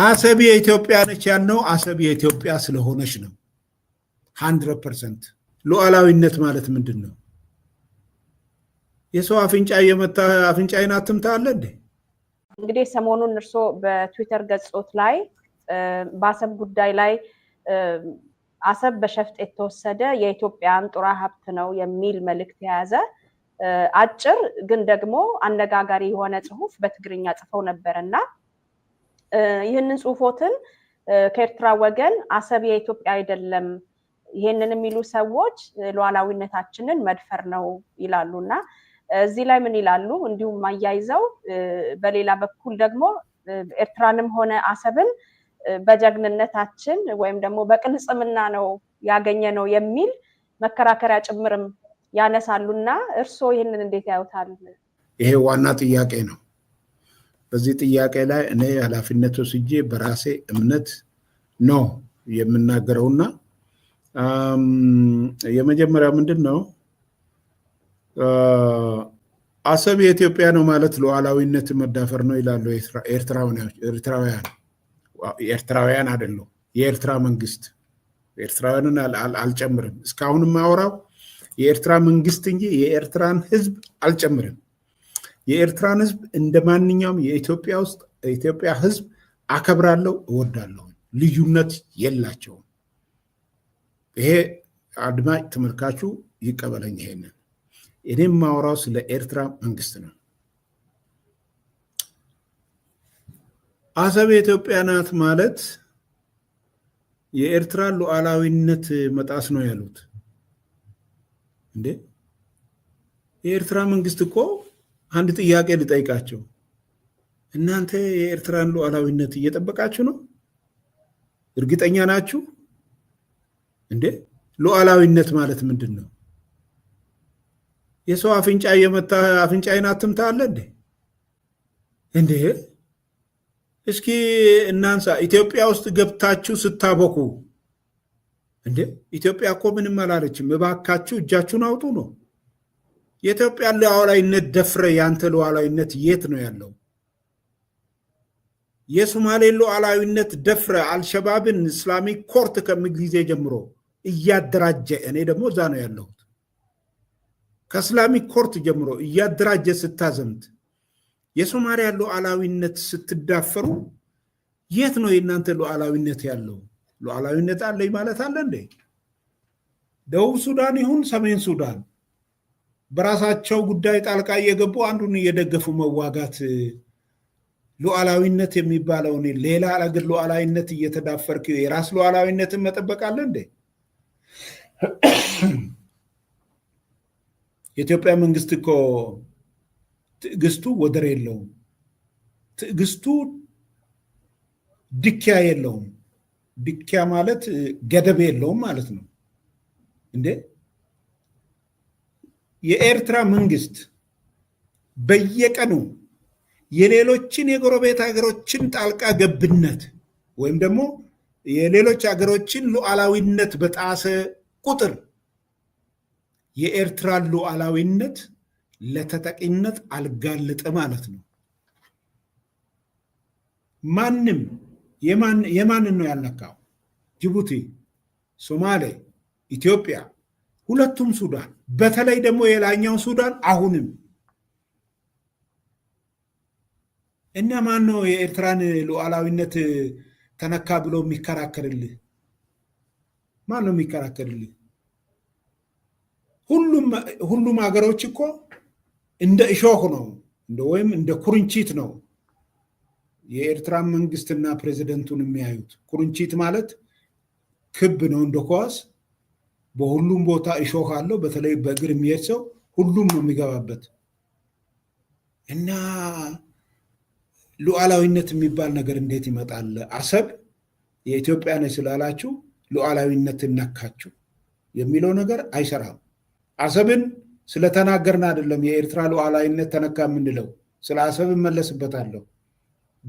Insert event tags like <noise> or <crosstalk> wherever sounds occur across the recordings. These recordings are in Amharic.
አሰብ የኢትዮጵያ ነች ያልነው አሰብ የኢትዮጵያ ስለሆነች ነው። ሀንድረድ ፐርሰንት ሉዓላዊነት ማለት ምንድን ነው? የሰው አፍንጫ የመታ አፍንጫዬን አትምታ አለ እንዴ? እንግዲህ ሰሞኑን እርሶ በትዊተር ገጾት ላይ በአሰብ ጉዳይ ላይ አሰብ በሸፍጥ የተወሰደ የኢትዮጵያን ጡራ ሀብት ነው የሚል መልእክት የያዘ አጭር ግን ደግሞ አነጋጋሪ የሆነ ጽሁፍ በትግርኛ ጽፈው ነበር እና ይህንን ጽሁፎትን ከኤርትራ ወገን አሰብ የኢትዮጵያ አይደለም፣ ይህንን የሚሉ ሰዎች ሉዓላዊነታችንን መድፈር ነው ይላሉ እና እዚህ ላይ ምን ይላሉ? እንዲሁም አያይዘው በሌላ በኩል ደግሞ ኤርትራንም ሆነ አሰብን በጀግንነታችን ወይም ደግሞ በቅንጽምና ነው ያገኘ ነው የሚል መከራከሪያ ጭምርም ያነሳሉና እርስዎ ይህንን እንዴት ያዩታል? ይሄ ዋና ጥያቄ ነው። በዚህ ጥያቄ ላይ እኔ ኃላፊነት ወስጄ በራሴ እምነት ነው የምናገረውና የመጀመሪያ ምንድን ነው አሰብ የኢትዮጵያ ነው ማለት ሉዓላዊነት መዳፈር ነው ይላሉ ኤርትራውያን። ኤርትራውያን አይደለም የኤርትራ መንግስት፣ ኤርትራውያንን አልጨምርም። እስካሁን የማወራው የኤርትራ መንግስት እንጂ የኤርትራን ህዝብ አልጨምርም። የኤርትራን ህዝብ እንደ ማንኛውም የኢትዮጵያ ውስጥ የኢትዮጵያ ህዝብ አከብራለሁ፣ እወዳለሁ። ልዩነት የላቸውም። ይሄ አድማጭ ተመልካቹ ይቀበለኝ። ይሄንን እኔም ማውራው ስለ ኤርትራ መንግስት ነው። አሰብ የኢትዮጵያ ናት ማለት የኤርትራ ሉዓላዊነት መጣስ ነው ያሉት እንዴ? የኤርትራ መንግስት እኮ አንድ ጥያቄ ልጠይቃቸው። እናንተ የኤርትራን ሉዓላዊነት እየጠበቃችሁ ነው? እርግጠኛ ናችሁ እንዴ? ሉዓላዊነት ማለት ምንድን ነው? የሰው አፍንጫ እየመታ አፍንጫዬን አትምታ አለ እንዴ? እንዴ እስኪ እናንሳ። ኢትዮጵያ ውስጥ ገብታችሁ ስታበኩ? እንዴ ኢትዮጵያ እኮ ምንም አላለችም፣ እባካችሁ እጃችሁን አውጡ ነው የኢትዮጵያ ሉዓላዊነት ደፍረ ያንተ ሉዓላዊነት የት ነው ያለው? የሶማሌ ሉዓላዊነት ደፍረ አልሸባብን እስላሚክ ኮርት ከሚል ጀምሮ እያደራጀ እኔ ደግሞ እዛ ነው ያለሁት። ከእስላሚክ ኮርት ጀምሮ እያደራጀ ስታዘምት የሶማሊያ ሉዓላዊነት ስትዳፈሩ የት ነው የእናንተ ሉዓላዊነት ያለው? ሉዓላዊነት አለኝ ማለት አለ እንዴ? ደቡብ ሱዳን ይሁን ሰሜን ሱዳን በራሳቸው ጉዳይ ጣልቃ እየገቡ አንዱን እየደገፉ መዋጋት ሉዓላዊነት የሚባለውን ሌላ አገር ሉዓላዊነት እየተዳፈርክ የራስ ሉዓላዊነትን መጠበቅ አለ እንዴ? የኢትዮጵያ መንግስት እኮ ትዕግስቱ ወደር የለውም። ትዕግስቱ ድኪያ የለውም። ድኪያ ማለት ገደብ የለውም ማለት ነው እንዴ? የኤርትራ መንግስት በየቀኑ የሌሎችን የጎረቤት ሀገሮችን ጣልቃ ገብነት ወይም ደግሞ የሌሎች ሀገሮችን ሉዓላዊነት በጣሰ ቁጥር የኤርትራን ሉዓላዊነት ለተጠቂነት አልጋለጠ ማለት ነው። ማንም የማንን ነው ያልነካው? ጅቡቲ፣ ሶማሌ፣ ኢትዮጵያ ሁለቱም ሱዳን፣ በተለይ ደግሞ የላኛው ሱዳን አሁንም እና ማን ነው የኤርትራን ሉዓላዊነት ተነካ ብሎ የሚከራከርልህ? ማን ነው የሚከራከርልህ? ሁሉም ሀገሮች እኮ እንደ እሾህ ነው ወይም እንደ ኩርንቺት ነው የኤርትራ መንግስትና ፕሬዚደንቱን የሚያዩት። ኩርንቺት ማለት ክብ ነው እንደ ኳስ በሁሉም ቦታ እሾህ አለው። በተለይ በእግር የሚሄድ ሰው ሁሉም ነው የሚገባበት እና ሉዓላዊነት የሚባል ነገር እንዴት ይመጣል? አሰብ የኢትዮጵያ ነች ስላላችሁ ሉዓላዊነት ነካችሁ የሚለው ነገር አይሰራም። አሰብን ስለተናገርን አይደለም የኤርትራ ሉዓላዊነት ተነካ የምንለው። ስለ አሰብ እመለስበታለሁ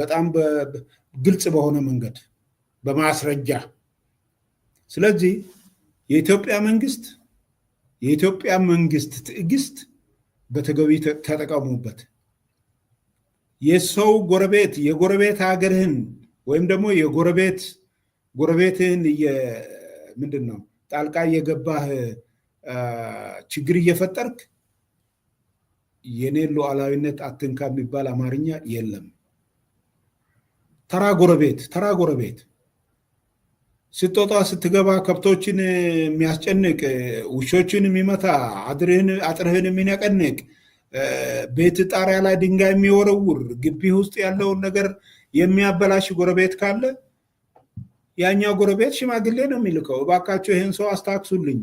በጣም ግልጽ በሆነ መንገድ በማስረጃ ስለዚህ የኢትዮጵያ መንግስት የኢትዮጵያ መንግስት ትዕግስት በተገቢ ተጠቀሙበት። የሰው ጎረቤት የጎረቤት ሀገርህን ወይም ደግሞ የጎረቤት ጎረቤትህን ምንድን ነው ጣልቃ እየገባህ ችግር እየፈጠርክ የኔ ሉዓላዊነት አትንካ የሚባል አማርኛ የለም። ተራ ጎረቤት ተራ ጎረቤት ስትወጣ ስትገባ ከብቶችን የሚያስጨንቅ ውሾችን የሚመታ አጥርህን የሚነቀንቅ ቤት ጣሪያ ላይ ድንጋይ የሚወረውር ግቢ ውስጥ ያለውን ነገር የሚያበላሽ ጎረቤት ካለ ያኛው ጎረቤት ሽማግሌ ነው የሚልከው። እባካቸው ይህን ሰው አስታክሱልኝ፣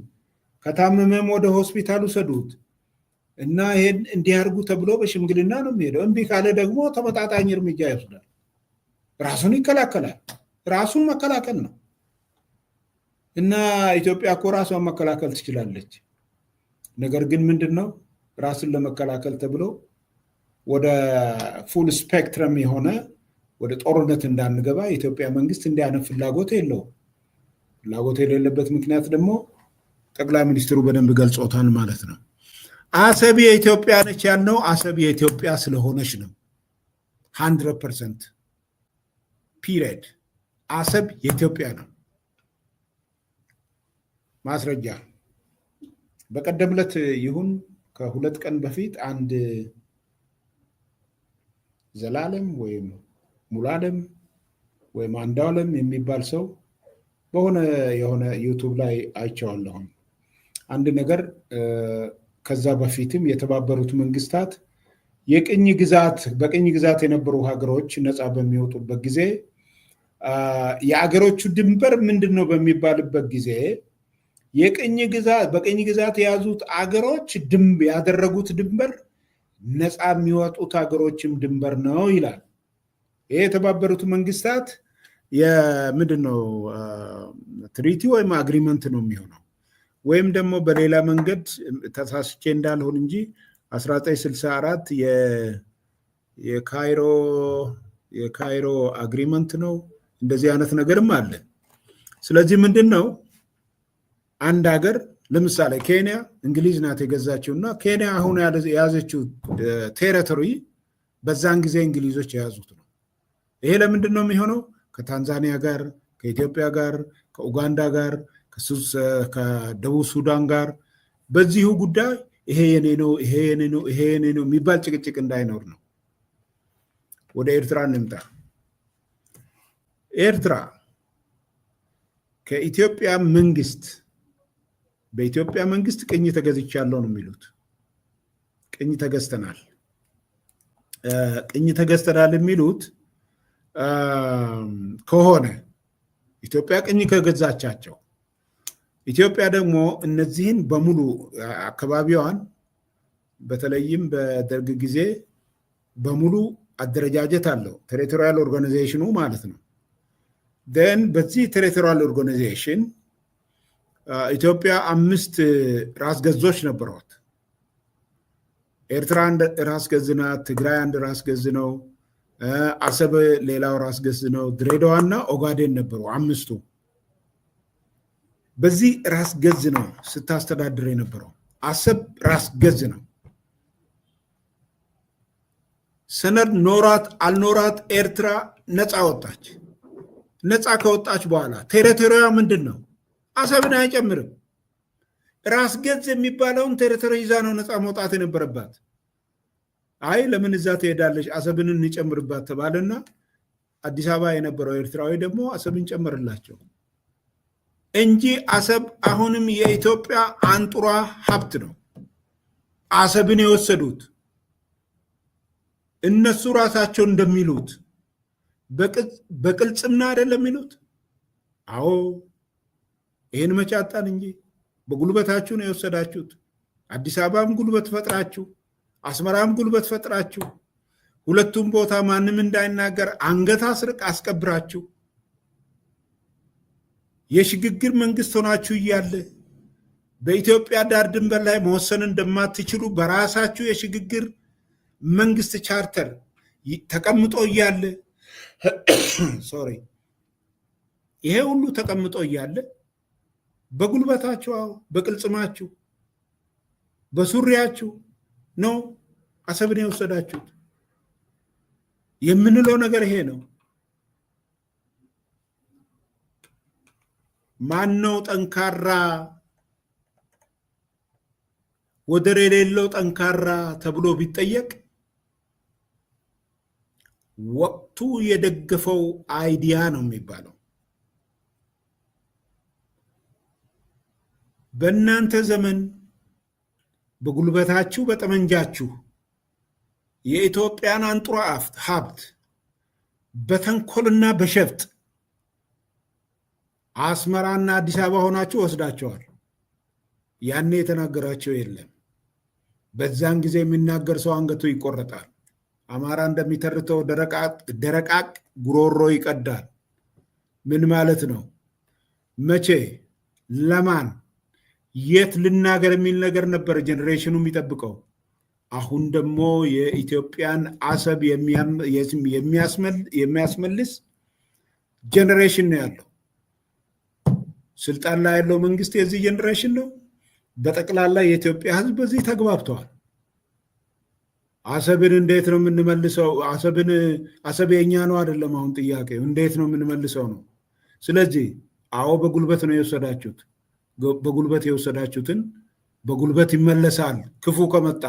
ከታመመም ወደ ሆስፒታል ውሰዱት እና ይሄን እንዲያርጉ ተብሎ በሽምግልና ነው የሚሄደው። እምቢ ካለ ደግሞ ተመጣጣኝ እርምጃ ይወስዳል። ራሱን ይከላከላል። ራሱን መከላከል ነው። እና ኢትዮጵያ እኮ ራሷን መከላከል ትችላለች። ነገር ግን ምንድን ነው ራስን ለመከላከል ተብሎ ወደ ፉል ስፔክትረም የሆነ ወደ ጦርነት እንዳንገባ የኢትዮጵያ መንግስት እንዲያነ ፍላጎት የለውም። ፍላጎት የሌለበት ምክንያት ደግሞ ጠቅላይ ሚኒስትሩ በደንብ ገልጾታል ማለት ነው። አሰብ የኢትዮጵያ ነች ያልነው አሰብ የኢትዮጵያ ስለሆነች ነው። ሀንድረድ ፐርሰንት ፒሪድ አሰብ የኢትዮጵያ ነው። ማስረጃ በቀደም ዕለት ይሁን ከሁለት ቀን በፊት አንድ ዘላለም ወይም ሙሉዓለም ወይም አንዱዓለም የሚባል ሰው በሆነ የሆነ ዩቱብ ላይ አይቼዋለሁም። አንድ ነገር ከዛ በፊትም የተባበሩት መንግስታት የቅኝ ግዛት በቅኝ ግዛት የነበሩ ሀገሮች ነፃ በሚወጡበት ጊዜ የአገሮቹ ድንበር ምንድን ነው በሚባልበት ጊዜ የቅኝ ግዛት በቅኝ ግዛት የያዙት አገሮች ድንብ ያደረጉት ድንበር ነፃ የሚወጡት አገሮችም ድንበር ነው ይላል። ይህ የተባበሩት መንግስታት የምንድን ነው ትሪቲ ወይም አግሪመንት ነው የሚሆነው ወይም ደግሞ በሌላ መንገድ ተሳስቼ እንዳልሆን እንጂ 1964 የካይሮ የካይሮ አግሪመንት ነው እንደዚህ አይነት ነገርም አለ። ስለዚህ ምንድን ነው አንድ ሀገር ለምሳሌ ኬንያ እንግሊዝ ናት የገዛችው እና ኬንያ አሁን የያዘችው ቴሪቶሪ በዛን ጊዜ እንግሊዞች የያዙት ነው። ይሄ ለምንድን ነው የሚሆነው? ከታንዛኒያ ጋር፣ ከኢትዮጵያ ጋር፣ ከኡጋንዳ ጋር፣ ከደቡብ ሱዳን ጋር በዚሁ ጉዳይ ይሄ የኔ ነው፣ ይሄ የኔ ነው፣ ይሄ የኔ ነው የሚባል ጭቅጭቅ እንዳይኖር ነው። ወደ ኤርትራ እንምጣ። ኤርትራ ከኢትዮጵያ መንግስት በኢትዮጵያ መንግስት ቅኝ ተገዝቻለሁ ነው የሚሉት። ቅኝ ተገዝተናል። ቅኝ ተገዝተናል የሚሉት ከሆነ ኢትዮጵያ ቅኝ ከገዛቻቸው ኢትዮጵያ ደግሞ እነዚህን በሙሉ አካባቢዋን በተለይም በደርግ ጊዜ በሙሉ አደረጃጀት አለው ቴሪቶሪያል ኦርጋናይዜሽኑ ማለት ነው። ደን በዚህ ቴሪቶሪያል ኦርጋናይዜሽን ኢትዮጵያ አምስት ራስ ገዞች ነበሯት። ኤርትራ አንድ ራስ ገዝ ናት። ትግራይ አንድ ራስ ገዝ ነው። አሰብ ሌላው ራስ ገዝ ነው። ድሬዳዋና ኦጋዴን ነበሩ አምስቱ። በዚህ ራስ ገዝ ነው ስታስተዳድር የነበረው። አሰብ ራስ ገዝ ነው። ሰነድ ኖራት አልኖራት ኤርትራ ነፃ ወጣች። ነፃ ከወጣች በኋላ ቴሪቶሪያ ምንድን ነው? አሰብን አይጨምርም። ራስ ገዝ የሚባለውን ቴሪቶሪ ይዛ ነው ነፃ መውጣት የነበረባት። አይ ለምን እዛ ትሄዳለች አሰብን እንጨምርባት ተባለና አዲስ አበባ የነበረው ኤርትራዊ ደግሞ አሰብን እንጨምርላቸው እንጂ አሰብ አሁንም የኢትዮጵያ አንጡራ ሀብት ነው። አሰብን የወሰዱት እነሱ ራሳቸው እንደሚሉት በቅልጽምና አይደለም የሚሉት አዎ ይህን መጫጣን እንጂ በጉልበታችሁ ነው የወሰዳችሁት። አዲስ አበባም ጉልበት ፈጥራችሁ፣ አስመራም ጉልበት ፈጥራችሁ፣ ሁለቱም ቦታ ማንም እንዳይናገር አንገት አስርቅ አስቀብራችሁ የሽግግር መንግስት ሆናችሁ እያለ በኢትዮጵያ ዳር ድንበር ላይ መወሰን እንደማትችሉ በራሳችሁ የሽግግር መንግስት ቻርተር ተቀምጦ እያለ <coughs> ሶሪ ይሄ ሁሉ ተቀምጦ እያለ በጉልበታችሁ፣ አዎ በቅልጽማችሁ፣ በሱሪያችሁ ነው አሰብን የወሰዳችሁት የምንለው ነገር ይሄ ነው። ማን ነው ጠንካራ ወደር የሌለው ጠንካራ ተብሎ ቢጠየቅ ወቅቱ የደገፈው አይዲያ ነው የሚባለው። በእናንተ ዘመን በጉልበታችሁ በጠመንጃችሁ የኢትዮጵያን አንጡራ አፍት ሀብት በተንኮልና በሸፍጥ አስመራና አዲስ አበባ ሆናችሁ ወስዳቸዋል። ያኔ የተናገራቸው የለም። በዛን ጊዜ የሚናገር ሰው አንገቱ ይቆረጣል። አማራ እንደሚተርተው ደረቃቅ ጉሮሮ ይቀዳል። ምን ማለት ነው? መቼ? ለማን የት ልናገር የሚል ነገር ነበር ጀኔሬሽኑ የሚጠብቀው። አሁን ደግሞ የኢትዮጵያን አሰብ የሚያስመልስ ጀኔሬሽን ነው ያለው። ስልጣን ላይ ያለው መንግስት የዚህ ጀኔሬሽን ነው። በጠቅላላ የኢትዮጵያ ሕዝብ በዚህ ተግባብተዋል። አሰብን እንዴት ነው የምንመልሰው? አሰብን አሰብ የኛ ነው አይደለም። አሁን ጥያቄው እንዴት ነው የምንመልሰው ነው። ስለዚህ አዎ፣ በጉልበት ነው የወሰዳችሁት። በጉልበት የወሰዳችሁትን በጉልበት ይመለሳል ክፉ ከመጣ።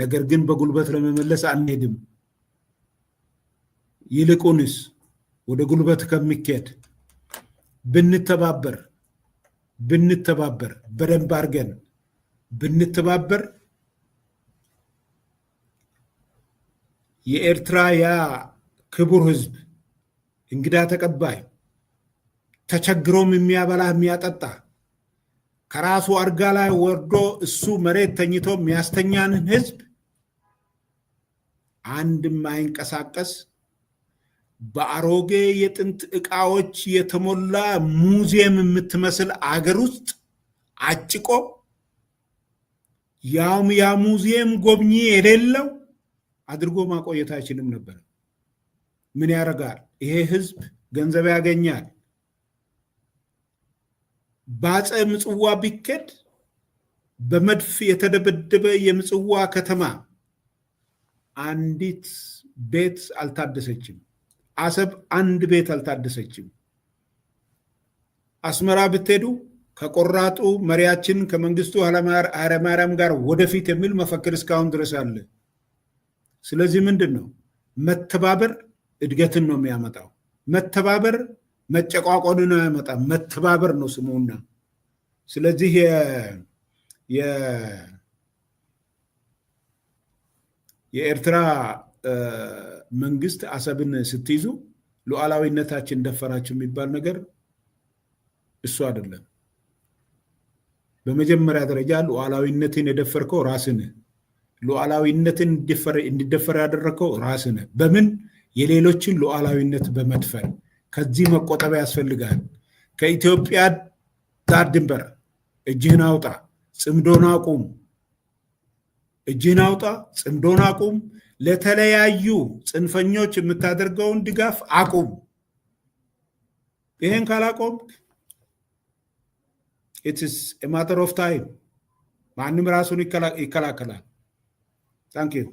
ነገር ግን በጉልበት ለመመለስ አንሄድም። ይልቁንስ ወደ ጉልበት ከሚኬድ ብንተባበር ብንተባበር በደንብ አድርገን ብንተባበር የኤርትራ ያ ክቡር ሕዝብ እንግዳ ተቀባይ ተቸግሮም የሚያበላ የሚያጠጣ ከራሱ አርጋ ላይ ወርዶ እሱ መሬት ተኝቶ የሚያስተኛንን ህዝብ አንድም አይንቀሳቀስ በአሮጌ የጥንት እቃዎች የተሞላ ሙዚየም የምትመስል አገር ውስጥ አጭቆ ያውም ያ ሙዚየም ጎብኚ የሌለው አድርጎ ማቆየት አይችልም ነበር። ምን ያደርጋል? ይሄ ህዝብ ገንዘብ ያገኛል። በአፄ ምጽዋ ቢኬድ በመድፍ የተደበደበ የምጽዋ ከተማ አንዲት ቤት አልታደሰችም። አሰብ አንድ ቤት አልታደሰችም። አስመራ ብትሄዱ ከቆራጡ መሪያችን ከመንግስቱ ኃይለማርያም ጋር ወደፊት የሚል መፈክር እስካሁን ድረስ አለ። ስለዚህ ምንድን ነው መተባበር እድገትን ነው የሚያመጣው መተባበር ነው አያመጣም፣ መተባበር ነው ስሙና። ስለዚህ የኤርትራ መንግስት አሰብን ስትይዙ ሉዓላዊነታችን ደፈራችሁ የሚባል ነገር እሱ አይደለም። በመጀመሪያ ደረጃ ሉዓላዊነትን የደፈርከው ራስን፣ ሉዓላዊነትን እንዲደፈር ያደረግከው ራስን። በምን? የሌሎችን ሉዓላዊነት በመድፈር ከዚህ መቆጠብ ያስፈልጋል። ከኢትዮጵያ ዳር ድንበር እጅህን አውጣ፣ ጽምዶን አቁም። እጅህን አውጣ፣ ጽምዶን አቁም። ለተለያዩ ጽንፈኞች የምታደርገውን ድጋፍ አቁም። ይሄን ካላቆም ኢትስ ማተር ኦፍ ታይም ማንም ራሱን ይከላከላል። ታንክ ዩ